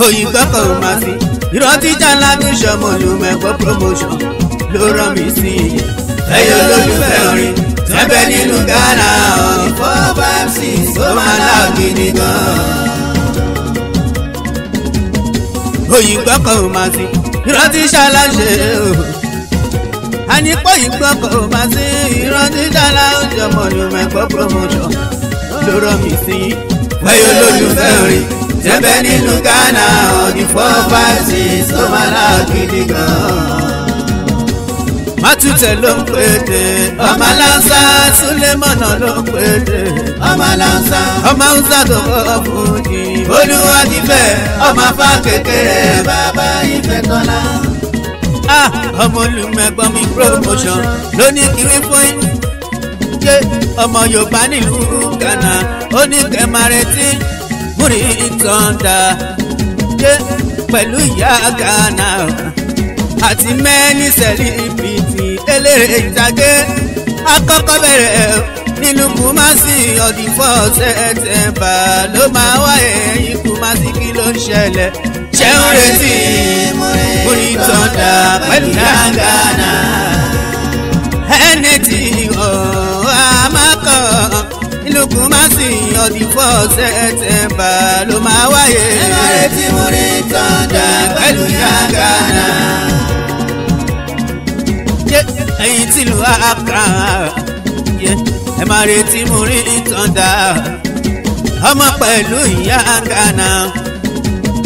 òyìnbó kò má sí ìrántí jàǹlá bí sọmọ olùmẹ̀kọ́ promotion ló rán mi sí i. ẹyọ olólùfẹ́ orin tẹ́bẹ̀ nínú Ghana ọ̀nì four five six ó máa lá gidi gan-an. òyìnbó kò má sí ìrántí ṣàlàṣe o ànípọ̀ ìgbọ́ kò má sí ìrántí ṣàlàṣe ọmọ olùmẹ̀kọ́ promotion ló rán mi sí i. ẹyọ olólùfẹ́ orin tẹ́bẹ̀ nínú Ghana ọdún four five six ó máa ná gidi gan-an. Mátútẹ̀ ló ń péde ọmọ aláǹsá Súlẹ́mọ̀nà ló ń péde ọmọ aláǹsá ọmọ aláǹsá tó kọ́ fún ni olúwa ti fẹ́ ọmọ afá kékeré bàbá ìfẹ́ tọ́lá ọmọ olùmẹ̀gbọ́n mi promotion lóní kiri fún yín. ọmọ Yorùbá nílùú Ghana ó ní kẹmàrẹ́tì Burning Thunder dé pẹ̀lú ìyá gana. Ati mẹ́ni sẹ́lífìtì eléré ìtàgé akọ́kọ́ bẹ̀rẹ̀ nínú Kumasi ọdún four September ló máa wáyé ẹ̀yìn Kumasi kí ló ń ṣẹlẹ̀ ṣẹ́hún retí Burning Thunder pẹ̀lú ìyá Ghana. twenty four september ló máa wáyé. ẹ má retí múrí tọ́jà pẹ̀lú yàgànà. ẹ̀yin tìlú àkà ẹ má retí múrí tọ́jà ọmọ pẹ̀lú yàgànà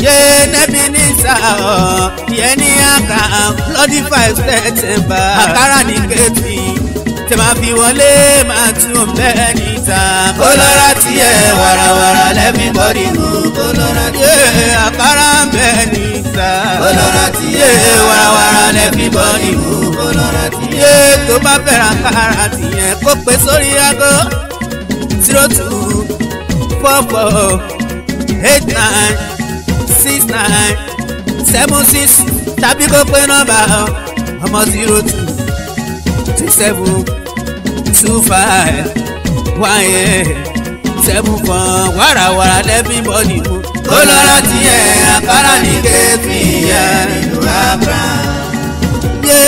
ye nẹ́bí ní sáà yẹ ní àkà lọ́dí five september àkàrà ní kẹ́tì tẹ fi wọlé máa tún bẹ́ẹ̀ níta. kó lọ́ra tiẹ̀ wàràwàrà lẹ́mí bọ́dí mú kó lọ́ra tiẹ̀ àkàrà bẹ́ẹ̀ níta. kó lọ́ra tiẹ̀ wàràwàrà lẹ́mí bọ́dí mú kó lọ́ra tiẹ̀. tó bá fẹ́ràn àkàrà tiẹ̀ kó pè sórí aago zero two four four eight nine six nine seven six tàbí kó pé nọ́mbà ọmọ zero two seven two five one seven kan wàràwàrà lẹ́bí bọ́ọ̀lì mu. ó lọ́ra tiẹ̀ àkàrà ní kéèpì ìyá nínú abra. gbé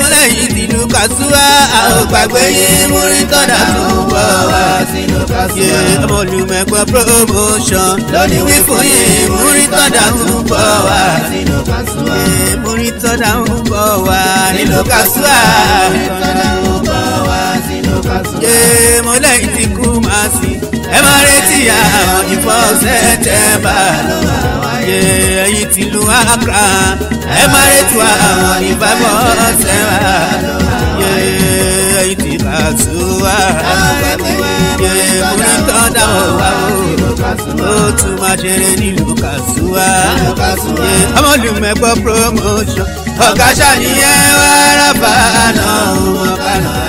mọ́lẹ́yìn tìlú kàṣúwà àwọn gbàgbé yín múrí tọ́dà tó wọ̀ wá sínú kàṣúwà. ọmọlùmẹ̀kọ promotion lọ́ni wí fún yín múrí tọ́dà tó wọ̀ wá Kasua. Mórí tọ́da ń bọ̀ wá nílò Kasua. Mórí tọ́da ń bọ̀ wá nílò Kasua. Ṣé mo lẹ́yìn tí kú máa sí? Ẹ máa retí àwọn ìfọ́sẹ̀ tẹ́ bá lọ wá. Ṣé ẹ̀yin tìlú Ẹ máa retí àwọn ìfọ́sẹ̀ bá ó tún máa ṣeré nílùú Kasuwa ọmọlùmẹ̀gbọ́ promotion ọ̀gá ṣàníyàn wàrà bá náà ọmọ kan